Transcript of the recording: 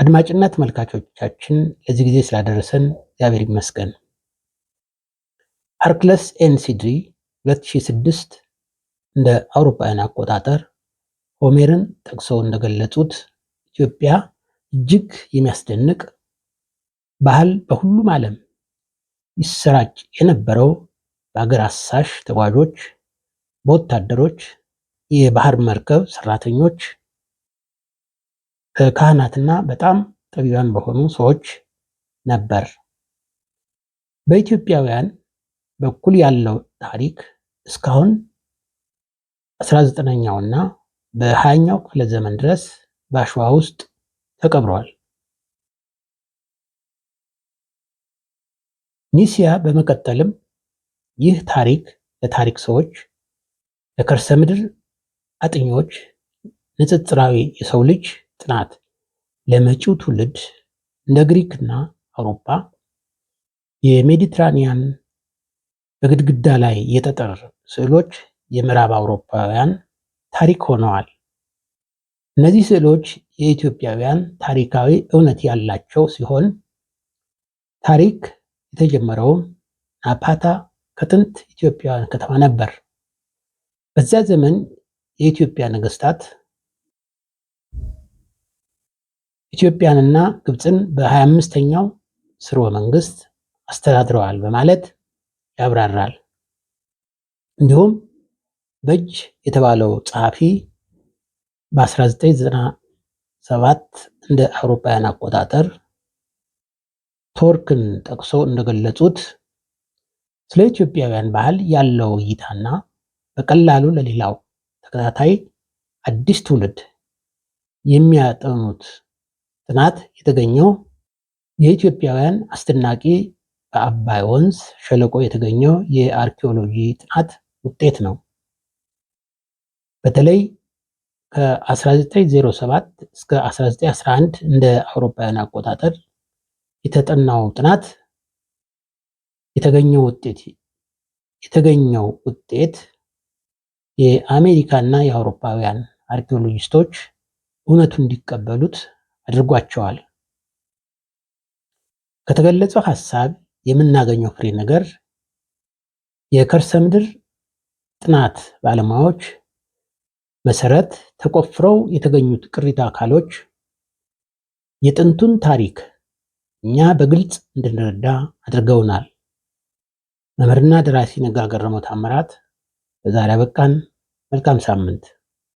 አድማጭና ተመልካቾቻችን ለዚህ ጊዜ ስላደረሰን እግዚአብሔር ይመስገን። አርክለስ ኤንሲዲ 2006 እንደ አውሮፓውያን አቆጣጠር ሆሜርን ጠቅሰው እንደገለጹት ኢትዮጵያ እጅግ የሚያስደንቅ ባህል በሁሉም ዓለም ይሰራጭ የነበረው በአገር አሳሽ ተጓዦች፣ በወታደሮች፣ የባህር መርከብ ሰራተኞች ካህናትና በጣም ጠቢባን በሆኑ ሰዎች ነበር። በኢትዮጵያውያን በኩል ያለው ታሪክ እስካሁን 19 ና በ በ20ኛው ክፍለ ዘመን ድረስ በአሸዋ ውስጥ ተቀብረዋል። ኒሲያ በመቀጠልም ይህ ታሪክ ለታሪክ ሰዎች፣ ለከርሰ ምድር አጥኞች፣ ንጽጽራዊ የሰው ልጅ ጥናት ለመጪው ትውልድ እንደ ግሪክና አውሮፓ የሜዲትራኒያን በግድግዳ ላይ የጠጠር ስዕሎች የምዕራብ አውሮፓውያን ታሪክ ሆነዋል። እነዚህ ስዕሎች የኢትዮጵያውያን ታሪካዊ እውነት ያላቸው ሲሆን ታሪክ የተጀመረውም ናፓታ ከጥንት ኢትዮጵያውያን ከተማ ነበር። በዚያ ዘመን የኢትዮጵያ ነገስታት ኢትዮጵያንና ግብፅን በ25ኛው ስርወ መንግስት አስተዳድረዋል በማለት ያብራራል። እንዲሁም በእጅ የተባለው ጸሐፊ በ1997 እንደ አውሮፓውያን አቆጣጠር ቶርክን ጠቅሶ እንደገለጹት ስለ ኢትዮጵያውያን ባህል ያለው እይታና በቀላሉ ለሌላው ተከታታይ አዲስ ትውልድ የሚያጠኑት ጥናት የተገኘው የኢትዮጵያውያን አስደናቂ በአባይ ወንዝ ሸለቆ የተገኘው የአርኪኦሎጂ ጥናት ውጤት ነው። በተለይ ከ1907 እስከ 1911 እንደ አውሮፓውያን አቆጣጠር የተጠናው ጥናት የተገኘው ውጤት የተገኘው ውጤት የአሜሪካና የአውሮፓውያን አርኪኦሎጂስቶች እውነቱ እንዲቀበሉት አድርጓቸዋል። ከተገለጸው ሀሳብ የምናገኘው ፍሬ ነገር የከርሰ ምድር ጥናት ባለሙያዎች መሰረት ተቆፍረው የተገኙት ቅሪተ አካሎች የጥንቱን ታሪክ እኛ በግልጽ እንድንረዳ አድርገውናል። መምህርና ደራሲ ነጋገረመው ታምራት በዛሬ አበቃን። መልካም ሳምንት